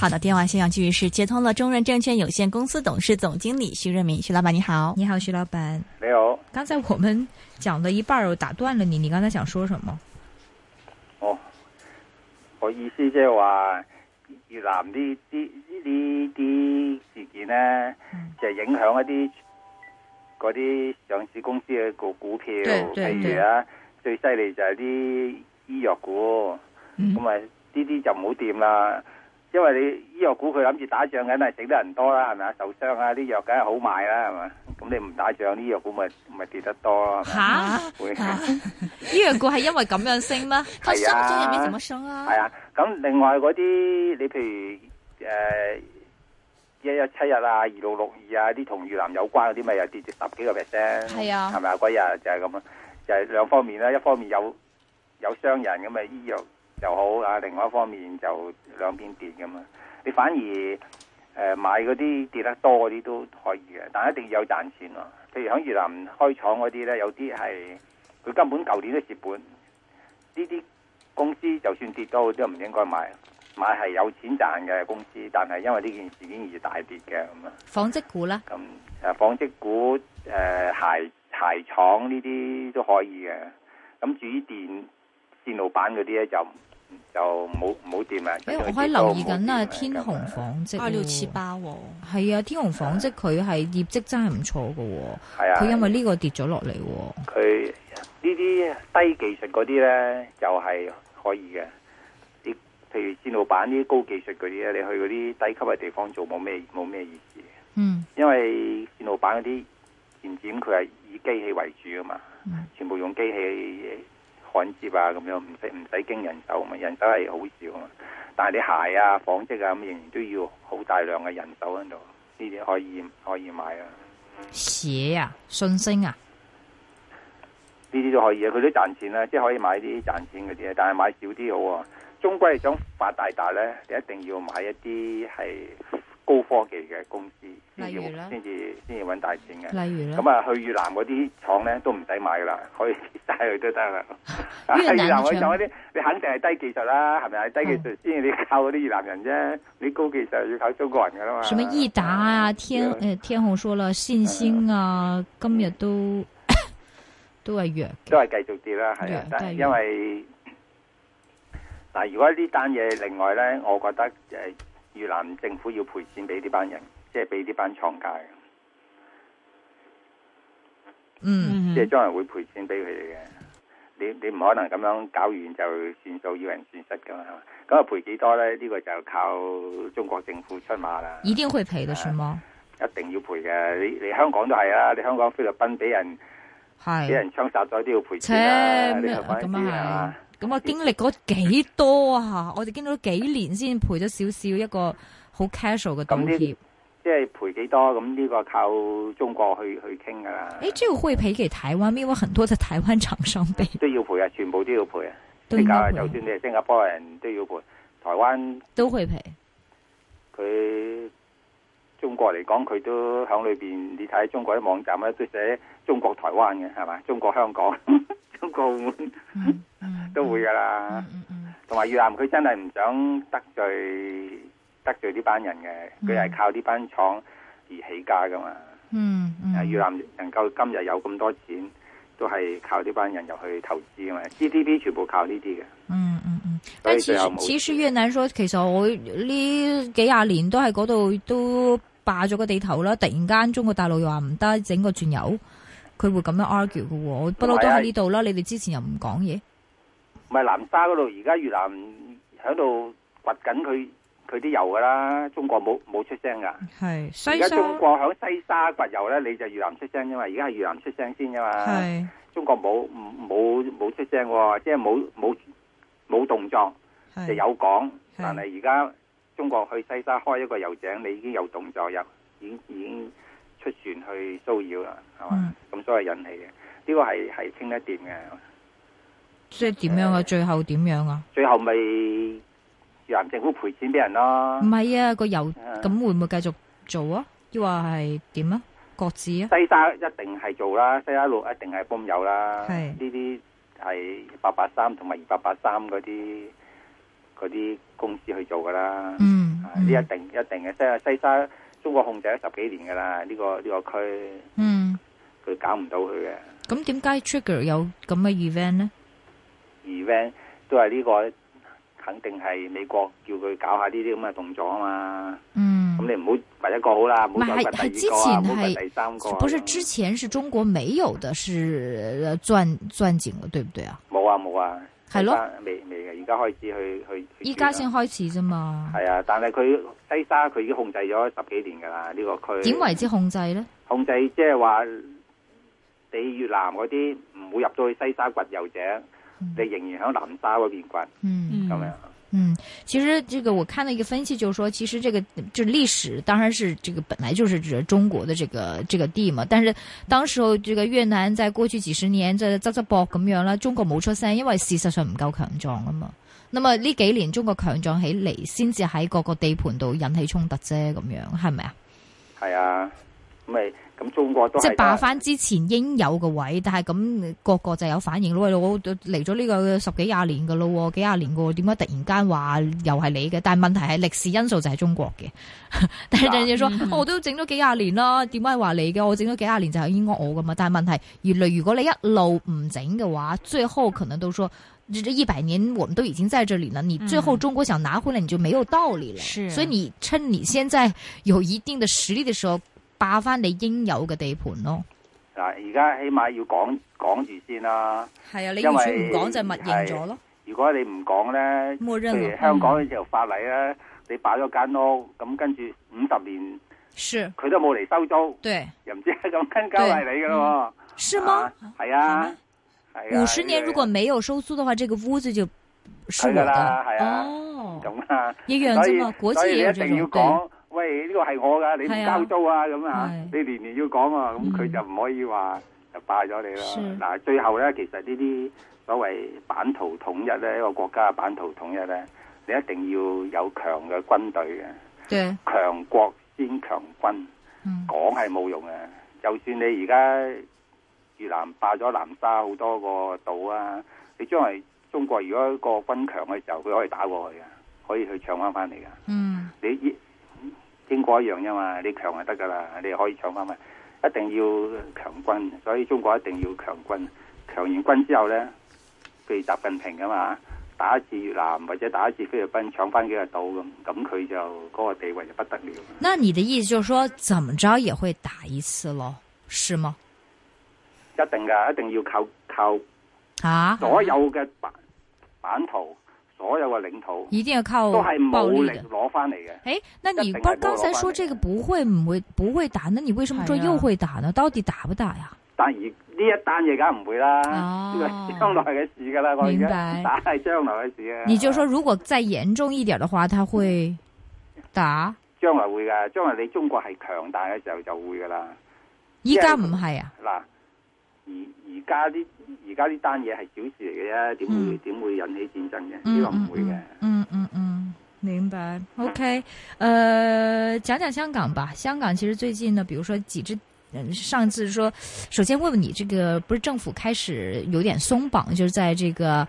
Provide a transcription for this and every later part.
好的，電話線上繼續是接通了中潤證券有限公司董事總經理徐潤民，徐老闆你好，你好徐老闆，你好。剛才我們講了一半，我打斷了你，你剛才想說什麼？哦，我意思即係話越南呢啲呢啲事件呢，嗯、就係、影響一啲嗰啲上市公司嘅股股票，譬如啊，最犀利就係啲醫藥股，咁啊呢啲就唔好掂啦。因為你醫藥股佢諗住打仗緊係死得人多啦，係咪啊？受傷啊啲藥梗係好賣啦，係嘛？咁你唔打仗啲藥股咪咪跌得多咯，係吓， 哈 醫藥股係因為咁樣升咩？佢心中人咩就乜傷啦？係啊，咁、 啊啊、另外嗰啲你譬如誒一一七日啊二六六二啊啲同越南有關嗰啲咪又跌跌十幾個 percent，係啊，係咪啊鬼啊就係咁咯，就係、是就是、兩方面啦，一方面有有傷人咁咪醫藥。又好啊！另外一方面就兩邊跌咁嘛。你反而誒、呃、買嗰啲跌得多嗰啲都可以嘅，但一定要有賺錢咯。譬如響越南開廠嗰啲咧，有啲係佢根本舊年都蝕本，呢啲公司就算跌多都唔應該買。買係有錢賺嘅公司，但係因為呢件事件而大跌嘅咁啊。紡織股啦，咁啊紡織股誒、呃、鞋鞋廠呢啲都可以嘅。咁至於電線路板嗰啲咧就。就唔好掂啊！誒，我喺留意緊啊，天虹紡織開到蝕包。係啊，天虹紡織佢係業績真係唔錯噶。係啊，佢因為呢個跌咗落嚟。佢呢啲低技術嗰啲咧，又係可以嘅。啲譬如綫路板呢啲高技術嗰啲咧，你去嗰啲低級嘅地方做冇咩冇咩意思。嗯，因為綫路板嗰啲元件佢係以機器為主啊嘛、嗯，全部用機器。焊接啊咁樣唔使唔使經人手啊嘛，人手係好少啊，但係啲鞋啊紡織啊咁仍然都要好大量嘅人手喺度，呢啲可以可以買啊。寫啊，信星啊，呢啲都可以啊，佢都賺錢啦，即係可以買啲賺錢嘅嘢，但係買少啲好啊，終歸想發大達咧，你一定要買一啲係高科技嘅公司先至先至揾大錢嘅，例如呢。咁啊去越南嗰啲廠咧都唔使買噶啦，去可以接晒佢都得啦。越南廠嗰啲，你肯定係低技術啦，係咪？低技術先至你靠嗰啲越南人啫，嗯，你高技術要靠中國人噶啦嘛。什麼億達啊，啊，天誒、嗯、天虹說了，信星，星啊，嗯、今日都 都係弱，弱，都係繼續跌啦，係啊，但係因為嗱，如果呢單嘢，另外咧，我覺得誒。越南政府要賠錢俾呢班人，即係俾呢班廠家，嗯、mm-hmm.，即係將來會賠錢俾佢哋嘅。你你唔可能咁樣搞完就算數，要人損失噶嘛？咁啊賠幾多咧？呢、這個就靠中國政府出馬啦。一定會賠嘅，是嗎，啊？一定要賠嘅，你你香港都係啊，你香港菲律賓俾人係俾人槍殺咗都要賠錢啊！呢個咁啊，啊咁我經歷過幾多啊，我哋經歷咗幾年先賠咗少少一個好 casual 嘅補貼。即係賠幾多？咁呢個靠中國去去傾噶啦。誒，即係會賠給台灣，因為很多的台灣廠商賠都要賠啊，全部都要賠啊。新加坡人首先，就算你係新加坡人都要賠，台灣都會賠。佢。中國嚟講，佢都喺裏邊。你睇中國啲網站咧，都寫中國台灣嘅，係嘛？中國香港、呵呵中國澳門、嗯嗯、都會噶啦。同、嗯、埋、嗯嗯、越南，佢真係唔想得罪得罪呢班人嘅。佢係靠呢班廠而起家噶嘛。嗯嗯，越南能夠今日有咁多錢。都係靠呢班人入去投資啊嘛，GDP 全部靠呢啲嘅。嗯嗯嗯，所以嗯，嗯，但係其實其實越南說其實我呢幾廿年都喺嗰度都霸咗個地頭啦，突然間中國大陸又話唔得整個轉油，佢會咁樣 argue 嘅喎，不嬲都喺呢度啦。你哋之前又唔講嘢，唔係南沙嗰度，而家越南喺度掘緊佢。佢啲油噶啦，中國冇冇出聲噶。係而家中國喺西沙掘油咧，你就越南出聲，啫嘛？而家係越南出聲先啫嘛。係中國冇冇冇出聲，即係冇冇冇動作，就有講。但係而家中國去西沙開一個油井，你已經有動作，入，已經已經出船去騷擾啦，係嘛？咁、嗯、所以引起嘅呢、這個係係清一掂嘅。即係點樣啊？最後點樣啊？最後咪？越南政府賠錢俾人咯，唔係啊，個油咁會唔會繼續做啊？要話係點啊？各自啊？西沙一定係做啦，西沙路一定係泵油啦。係呢啲係八八三同埋二八八三嗰啲啲公司去做噶啦。嗯，呢、啊、一定一定嘅，即係西沙中國控制咗十幾年噶啦，呢、呢個呢、呢個區。嗯，佢搞唔到佢嘅。咁點解 trigger 有咁嘅 event 呢？event 都係呢、呢個。肯定係美國叫佢搞下呢啲咁嘅動作啊嘛，咁、嗯嗯、你唔好第一個好啦，唔好再之前，第二個第三個、啊、不是之前是中國沒有的是鑽，是鑽鑽井了，對唔對啊？冇啊冇啊，係咯未未嘅，而家開始去去，而家先開始啫嘛。係啊，但係佢西沙佢已經控制咗十幾年噶啦，呢、呢個區點為之控制咧？控制即係話，你越南嗰啲唔會入到去西沙掘油井。嗯、你仍然喺南沙嗰邊慣，嗯咁樣。嗯，其實這個我看到一個分析，就是說，其實這個就歷史，當然是這個本來就是指中國的這個這個地嘛。但是當時候這個越南在過去幾十年就側側膊咁樣啦，中國冇出聲，因為事實上唔夠強壯啊嘛。咁啊呢幾年中國強壯起嚟，先至喺各個地盤度引起衝突啫，咁樣係咪啊？係啊。咁中國都即係霸返之前應有嘅位，但係咁個個就有反應咯。我嚟咗呢個十幾廿年㗎咯喎，幾廿年㗎喎，點解突然間話又係你嘅？但係問題係歷史因素就係中國嘅。 但係人哋話：我都整咗幾廿年啦，點解話你嘅？我整咗幾廿年就應該我㗎嘛。但係問題原來如果你一路唔整嘅話，最後可能都說一百年，我們都已經在這裏啦。你最後中國想拿回來，你就沒有道理啦。啊、所以你趁你現在有一定的實力的時候。霸翻你應有嘅地盤咯、哦。嗱，而家起碼要講講住先啦。係啊，你完全唔講就默認咗咯。如果你唔講咧，譬如香港嘅時候、嗯、法例咧，你霸咗間屋，咁跟住五十年，是佢都冇嚟收租，對，又唔知咁梗係你嘅咯、啊。是嗎？係啊，係。五十、啊啊、年如果沒有收租的話、啊，這個屋子就是我的。係啊,啊，哦，咁啊，一樣啫嘛。所以,所以一定要講。喂，呢、這個係我噶，你唔交租啊咁啊，啊！你年年要講啊，咁佢、啊、就唔可以話就霸咗你咯。嗱、啊，最後呢，其實呢啲所謂版圖統一呢，一、這個國家嘅版圖統一呢，你一定要有強嘅軍隊嘅、啊，強國先強軍。嗯、講係冇用嘅，就算你而家越南霸咗南沙好多個島啊，你將來中國如果一個軍強嘅時候，佢可以打過去嘅，可以去搶翻翻嚟嘅。嗯，你經過一樣啫嘛，你強就得噶啦，你可以搶翻咪。一定要強軍，所以中國一定要強軍。強完軍之後咧，譬如習近平啊嘛，打一次越南或者打一次菲律賓，搶翻幾個島咁咁佢就嗰個地位就不得了。那你的意思就是說，怎麼着也會打一次咯，是嗎？一定噶，一定要靠靠啊所有嘅版版圖。所有嘅領土一定要靠都係暴力攞翻嚟嘅。哎，那你剛剛才說這個不會唔會不會打，那你為什麼說又會打呢？啊、到底打不打呀、啊？但而呢一單嘢梗唔會啦，呢、啊、將來嘅事噶啦，我而家打係將來嘅事啊。你就說如果再嚴重一點的話，他會打？將來會噶，將來你中國係強大嘅時候就會噶、啊、啦。依家唔係啊。嗱。而家啲而家呢單嘢係小事嚟嘅啫，點會點、嗯、會引起戰爭嘅？呢個唔會嘅。嗯嗯嗯，嗯，明白。嗯、OK，誒、呃，講講香港吧。香港其實最近呢，比如說幾隻，上次說，首先問問你，這個不是政府開始有點鬆綁，就是在這個。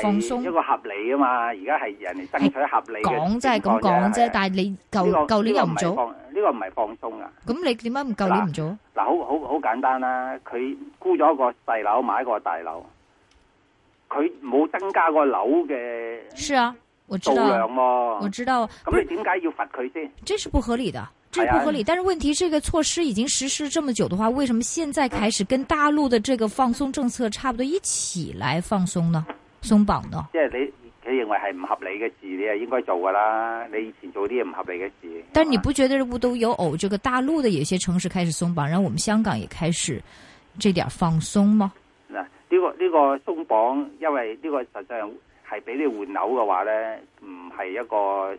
放鬆一個合理啊嘛，而家係人哋爭取合理講，即係咁講啫。但係你舊舊、這個、年又唔做呢個唔係放，、這個、放鬆啊？咁你點解唔舊年唔做？嗱，好好好簡單啦，佢沽咗一個細樓，買一個大樓，佢冇增加個樓嘅是啊，我知道我知道，咁你點解要罰佢先？這是不合理的，這不合理、啊。但是問題是，這個措施已經實施這麼久的話，為什麼現在開始跟大陸的這個放鬆政策差不多一起來放鬆呢？鬆綁咯，即係你佢認為係唔合理嘅事，你係應該做㗎啦。你以前做啲嘢唔合理嘅事，但係你不覺得如果都有偶、哦，這個大陸的有些城市開始鬆綁，然後我們香港也開始這點放鬆嗎？嗱、這個，呢個呢個鬆綁，因為呢個實際上係俾你換樓嘅話咧，唔係一個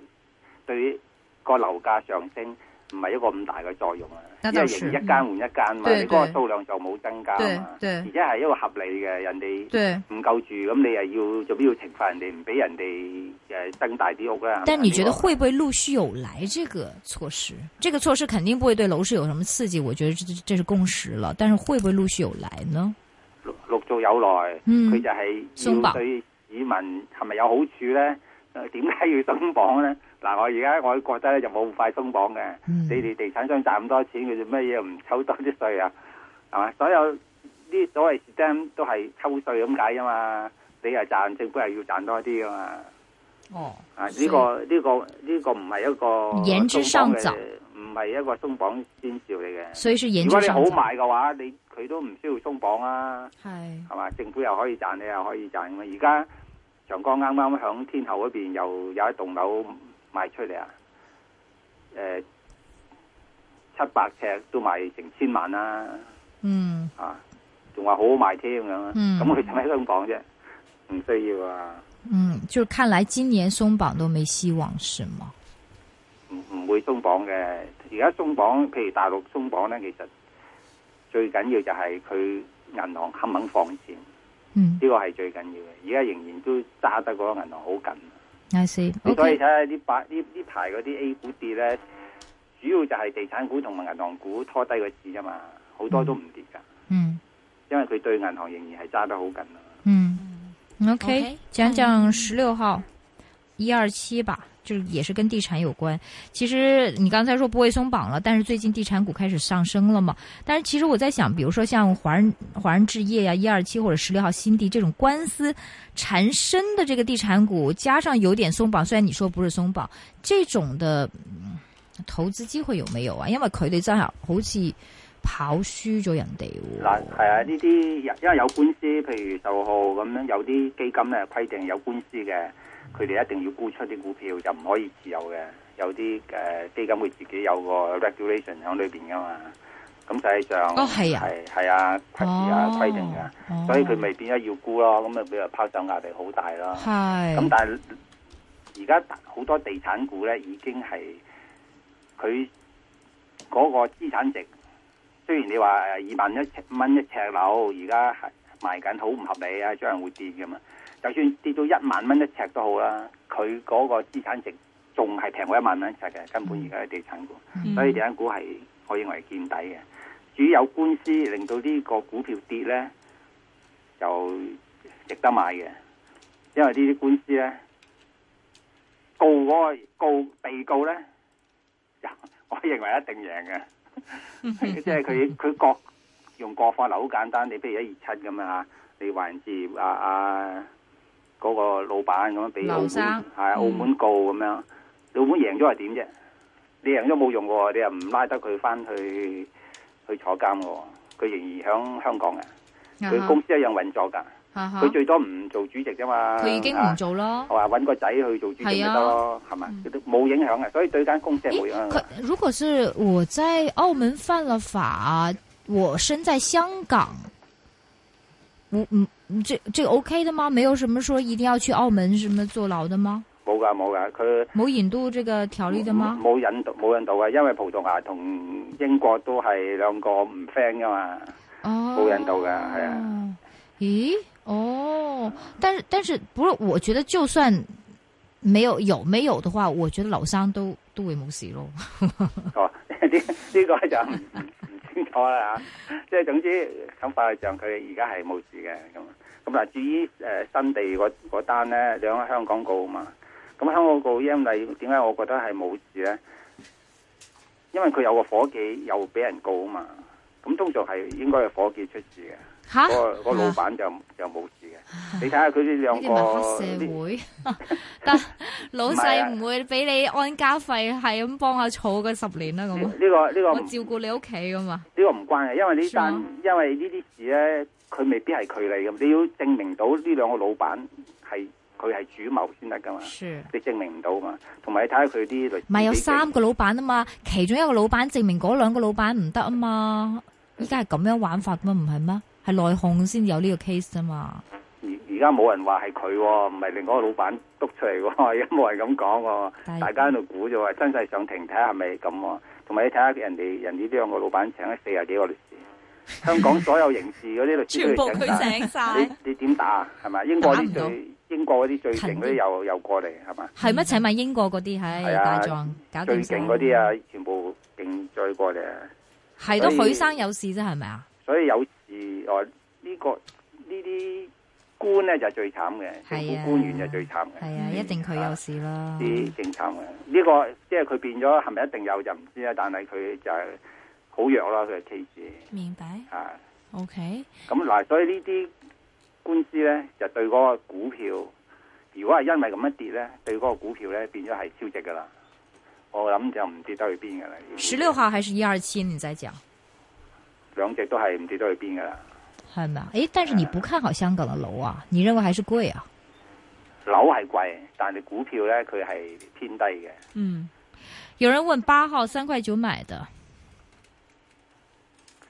對於個樓價上升。唔係一個咁大嘅作用啊，因為人一間換一間嘛，嗯，你嗰個數量就冇增加嘛，對對，而且係一個合理嘅，人哋唔夠住，咁你又要做咩要懲罰人哋，唔俾人哋誒增大啲屋啦？但你覺得會不會陸續有來？這個措施，這個措施肯定不會對樓市有什麼刺激，我覺得這是共識了。但是會不會陸續有來呢？陸續有來，嗯，佢就係要對市民係咪有好處呢？點解要登榜呢？嗱，我而家我覺得咧就冇咁快鬆綁嘅、嗯。你哋地產商賺咁多錢，佢做乜嘢唔抽多啲稅啊？係嘛？所有呢所謂 stem 都係抽稅咁解啊嘛。你係賺，政府又要賺多啲啊嘛。哦，啊呢個呢個呢個唔係一個延之上漲，唔係一個鬆綁先兆嚟嘅。所以是延如果你好賣嘅話，你佢都唔需要鬆綁啊。係，係嘛？政府又可以賺，你又可以賺。而家長江啱啱響天后嗰邊又有一棟樓。賣出嚟啊！誒、呃，七百尺都賣成千萬啦，啊，嗯，啊，仲話好好賣添咁啊！咁佢點解鬆綁啫？唔需要啊！嗯，就看來今年鬆綁都沒希望，是嗎？唔唔會鬆綁嘅，而家鬆綁，譬如大陸鬆綁咧，其實最緊要就係佢銀行肯唔肯放錢，嗯，呢、這個係最緊要嘅。而家仍然都揸得嗰個銀行好緊。Okay. 你可以睇下呢八呢呢排嗰啲 A 股跌咧，主要就係地產股同埋銀行股拖低個市啫嘛，好多都唔跌噶。嗯，因為佢對銀行仍然係揸得好緊啊。嗯 okay.，OK，講講十六號。嗯一二七吧，就是也是跟地產有關。其實你剛才說不會鬆綁了，但是最近地產股開始上升了嘛？但是其實我在想，比如說像華人、華人置業呀、一二七或者十六號新地這種官司纏身的這個地產股，加上有點鬆綁，雖然你說不是鬆綁，這種的投資機會有沒有啊？因為佢哋真係好似跑輸咗人哋。嗱，係啊，呢啲因為有官司，譬如十六號咁樣，有啲基金呢規定有官司嘅。佢哋一定要沽出啲股票，就唔可以持有嘅。有啲誒、呃、基金會自己有個 regulation 喺裏邊噶嘛，咁實際上，都、哦、係啊，啊，啊、哦，規定啊規定嘅，所以佢咪變咗要沽咯。咁啊，比較拋售壓力好大咯。係。咁、嗯、但係而家好多地產股咧，已經係佢嗰個資產值，雖然你話二萬一尺蚊一尺樓，而家賣緊好唔合理啊，將會跌嘅嘛。就算跌到萬元一萬蚊一尺都好啦，佢嗰個資產值仲係平過一萬蚊一尺嘅，根本而家係地產股，所以地產股係我認為見底嘅。至於有官司令到呢個股票跌咧，就值得買嘅，因為呢啲官司咧告我、那個、告被告咧，我認為一定贏嘅，即係佢佢各用各法嚟好簡單，你譬如一二七咁樣吓，你還是阿阿。嗰、那個老闆咁樣俾澳門係澳、嗯、澳門告咁樣，老闆贏咗係點啫？你贏咗冇用喎，你又唔拉得佢翻去去坐監喎，佢仍然響香港嘅，佢、啊、公司一樣運作㗎。佢、啊、最多唔做主席啫嘛。佢已經唔做咯。係、啊、嘛，揾個仔去做主席得咯，係嘛、啊，冇、嗯、影響嘅。所以對間公司冇影響。如果是我在澳門犯了法，我身在香港？唔唔，唔，即，即 O K 嘅嗎？沒有什麼說一定要去澳門什麼坐牢嘅嗎？冇噶冇噶，佢冇引渡這個條例嘅嗎？冇引渡冇引渡啊，因為葡萄牙同英國都係兩個唔 friend 噶嘛。哦，冇引渡噶係啊。咦，哦，但係但係，不過我覺得就算沒有有沒有的話，我覺得老生都都會冇事咯。 哦，呢、這、呢、個這個就是。 我、哦、啦，即係總之，咁法律上佢而家係冇事嘅。咁。咁至於誒、呃、新地嗰單咧，兩個香港告啊嘛。咁香港告因為，點解我覺得係冇事咧？因為佢有個伙計又俾人告啊嘛。咁通常係應該係伙計出事嘅。個個老闆就就冇事嘅，你睇下佢啲兩個，呢啲唔係黑社會，但老細唔會俾你安家費，係咁幫下坐嗰十年啊咁啊！呢個呢個，我照顧你屋企噶嘛？呢個唔關嘅，因為呢單，因為呢啲事咧，佢未必係佢嚟噶，你要證明到呢兩個老闆係佢係主謀先得噶嘛？是，你證明唔到嘛？同埋你睇下佢啲嚟，咪有三個老闆啊嘛？其中一個老闆證明嗰兩個老闆唔得啊嘛？依家係咁樣玩法噶嘛？唔係咩？係內訌先至有呢個 case 啊嘛！而而家冇人話係佢，唔係另外個老闆督出嚟，而家冇人咁講。大家喺度估就話真係上庭睇下係咪咁。同埋、啊、你睇下人哋人哋呢兩個老闆請咗四十幾個律師，香港所有刑事嗰啲律師 全部佢請晒。你點點打啊？係咪英國英國嗰啲最勁嗰啲又又過嚟係嘛？係乜請埋英國嗰啲喺大狀搞掂、啊、最勁嗰啲啊，全部勁再過嚟、啊。係都許生有事啫，係咪啊？所以有。以外、這個、呢個呢啲官咧就係、最慘嘅，政府、啊、官員就最慘嘅。係啊，、嗯、啊，一定佢有事咯。啲正慘嘅呢個，即係佢變咗係咪一定有就唔知啦。但係佢就係好弱啦，佢嘅 case。明白。啊，OK、嗯。咁嗱，所以呢啲官司咧就對嗰個股票，如果係因為咁一跌咧，對嗰個股票咧變咗係超值噶啦。我諗就唔跌得去邊噶啦。十六號還是一二七？你再講。兩隻都係唔知走去邊噶啦，係咪？誒，但係你不看好香港的樓啊？你認為還是貴啊？樓係貴，但係股票咧，佢係偏低嘅。嗯，有人問八號三塊九買嘅。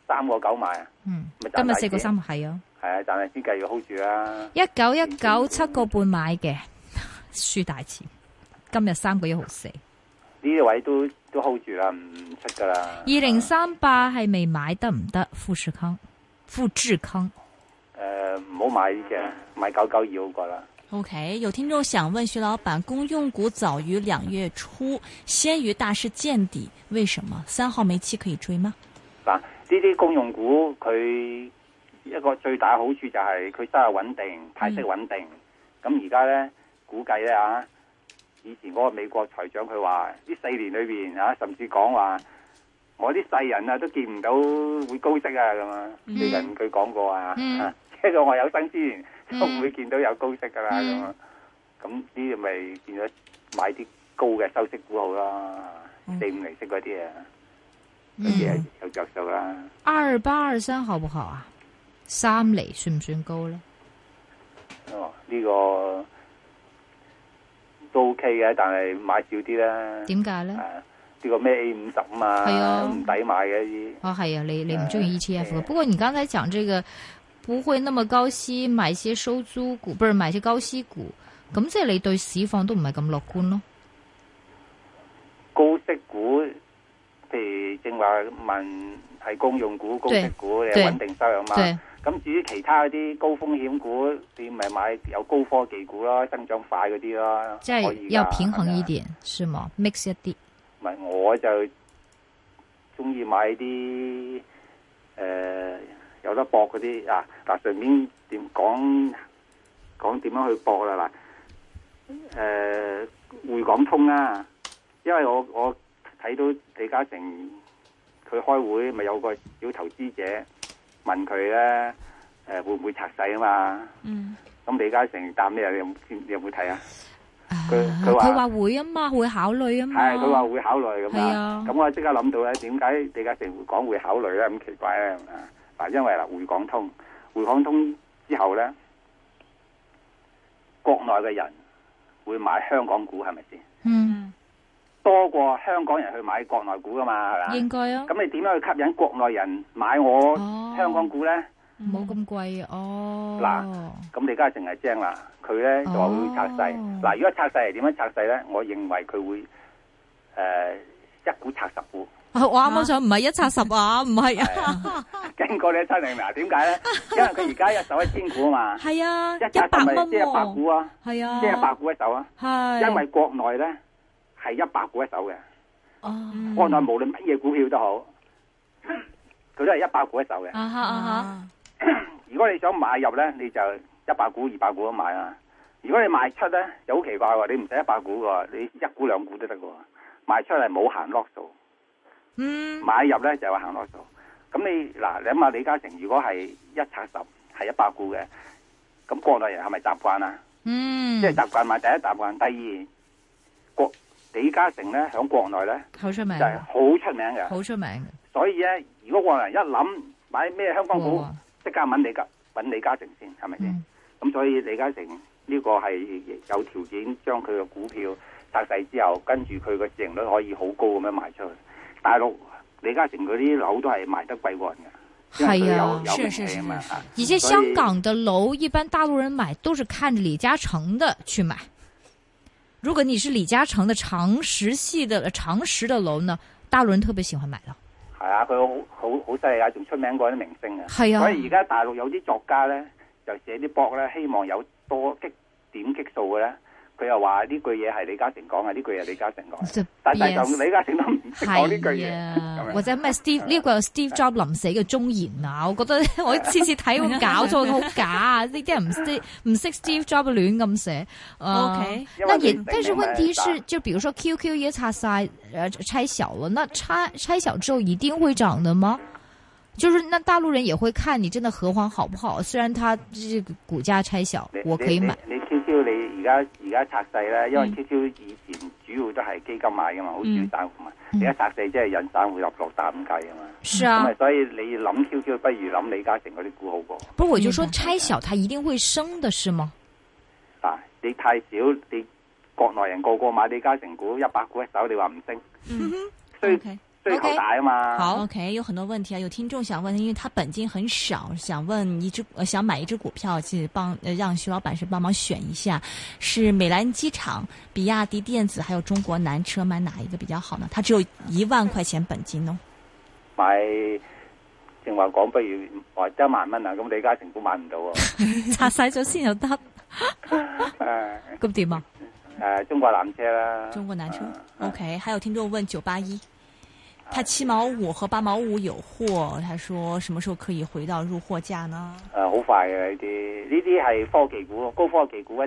三個九買啊？嗯，今日四個三係啊？係啊、嗯，但係先繼續 hold 住啊。一九一九七個半買嘅輸大錢，今日三個一毫四。呢位都都 hold 住啦，唔出噶啦。二零三八係未買得唔得？富士康、富智康？誒、呃，唔好買呢隻，買九九二好過啦。OK，有聽眾想問徐老闆，公用股早於兩月初先於大市見底，為什麼？三號煤氣可以追嗎？嗱、啊，呢啲公用股佢一個最大好處就係佢收入穩定，派息穩定。咁而家咧，估計咧啊。以前嗰個美國財長佢話，呢四年裏邊啊，甚至講話我啲世人啊都見唔到會高息啊咁啊，呢人佢講過啊，即、嗯、係我有生之年、嗯、都唔會見到有高息噶啦咁啊，咁呢啲咪變咗買啲高嘅收息股好啦，四、嗯、五厘息嗰啲啊，嗯、好似有着數啦。二八二三好唔好啊？三厘算唔算高咧？哦，呢、這個。都 OK 嘅，但係買少啲啦。點解咧？呢、啊這個咩 A 五十啊，都唔抵買嘅啲。哦、啊，係啊，你你唔中意 ETF 嘅。不過你剛才講這個不會那麼高息，買一些收租股，不如買一些高息股。咁即係你對市況都唔係咁樂觀咯。高息股，譬如正話問係公用股、高息股，有穩定收入嘛？咁至於其他啲高風險股，你咪買有高科技股啦，增長快嗰啲啦，即係要平衡一點，是嘛？mix 一啲。唔係，我就中意買啲誒、呃、有得博嗰啲啊！嗱，順便點講講點樣去博啦嗱。誒、啊，滬港通啦、啊，因為我我睇到李嘉誠佢開會咪有個小投資者。問佢咧，誒會唔會拆細啊嘛？嗯。咁李嘉誠答咩，你有有冇睇啊？佢佢話會啊嘛，會考慮啊嘛。係，佢話會考慮咁啊。係啊。咁我即刻諗到咧，點解李嘉誠會講會考慮咧？咁奇怪咧嗱，因為嗱，匯港通，匯港通之後咧，國內嘅人會買香港股係咪先？嗯。多過香港人去買國內股噶嘛，係嘛？應該咯。咁你點樣去吸引國內人買我香港股咧？冇咁貴哦。嗱，咁李嘉誠係精啦，佢咧就話會拆細。嗱、啊，如果拆細係點樣拆細咧？我認為佢會誒、呃，一股拆十股。哇、啊！我啱想唔係一拆十啊，唔係啊， 啊。經過你真零零點解咧？因為佢而家一手一千股啊嘛。係啊，一百蚊。即係百股啊。係啊。即係百股一手啊。係。因為國內咧。係一百股一手嘅，國、oh, 內、um, 無論乜嘢股票都好，佢都係一百股一手嘅、uh-huh, uh-huh. 如果你想買入呢，你就一百股、二百股咁買啊。如果你賣出呢，就好奇怪喎，你唔使一百股嘅，你一股兩股都得嘅，賣出嚟冇行 loss 數。Mm. 買入呢就話行 loss 數。咁你嗱諗下，想想李嘉誠如果係一拆十係一百股嘅，咁國內人係咪習慣啊？嗯、mm.。即係習慣買第一習慣，第二國。李嘉誠咧喺國內咧，好、就是、出名的，就係好出名嘅，好出名。所以咧，如果外人一諗買咩香港股，即刻揾李家揾李嘉誠先，係咪先？咁、嗯嗯、所以李嘉誠呢個係有條件將佢嘅股票拆細之後，跟住佢嘅市盈率可以好高咁樣賣出去。大陸李嘉誠嗰啲樓都係賣得貴過人嘅，因為啊，佢有有啊，而且香港嘅樓一般大陸人買都係看李嘉誠嘅去買。如果你是李嘉誠的長實系的長實的樓呢，大陸人特別喜歡買啦。係啊，佢好好好犀利啊，仲出名過啲明星啊。係啊，所以而家大陸有啲作家呢，就寫啲博呢，希望有多激點擊數嘅咧。佢又話呢句嘢係李嘉誠講啊，呢句嘢李嘉誠講，The、但但就李嘉誠都唔識講呢句嘢或者咩 Steve 呢 個 Steve Jobs 臨死嘅忠言啊？我覺得我次次睇佢搞錯，好 很假啊！呢啲人唔識唔識 Steve Jobs 亂咁寫。呃、OK，但係跟住問題是， 就譬如說 QQ 一拆 size，拆小了，那拆拆小之後一定會漲的嗎？就是那大陸人也會看你真的和黃好不好？雖然它這股價拆小，我可以買。你而家而家拆細咧，因為 Q Q 以前主要都係基金買噶嘛，好少散戶嘛。而家拆細即係引散戶入落蛋計啊嘛。是啊，所以你諗 Q Q 不如諗李嘉誠嗰啲股好過。不過我就是說拆小，它一定會升嘅，是嗎？啊、嗯，你太少，你國內人個個買李嘉誠股一百股一手，你話唔升？嗯哼，所以。O.K. 好，O.K. 有很多問題啊，有聽眾想問，因為他本金很少，想問一隻、呃、想買一隻股票去幫讓徐老闆是幫忙選一下，是美蘭機場、比亞迪電子還有中國南車買哪一個比較好呢？他只有一萬塊錢本金呢、哦。買正話講，不如話一萬蚊啊，咁李嘉誠都買唔到 啊。拆晒咗先有得。誒，咁點啊？誒，中國南車啦。中國南車、啊、，O.K.，還有聽眾問九八一。他七毛五和八毛五有貨，他說什麼時候可以回到入貨價呢？呃，好快啊，呢啲，呢啲係科技股咯，高科技股咧。